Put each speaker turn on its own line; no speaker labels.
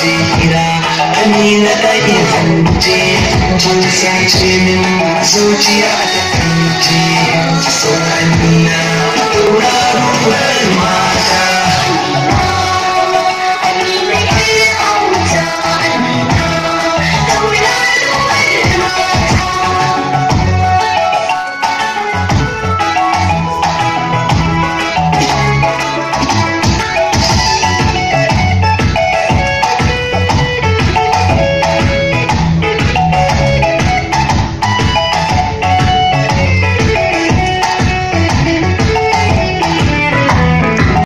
jira amina ta iya zance tun sace ta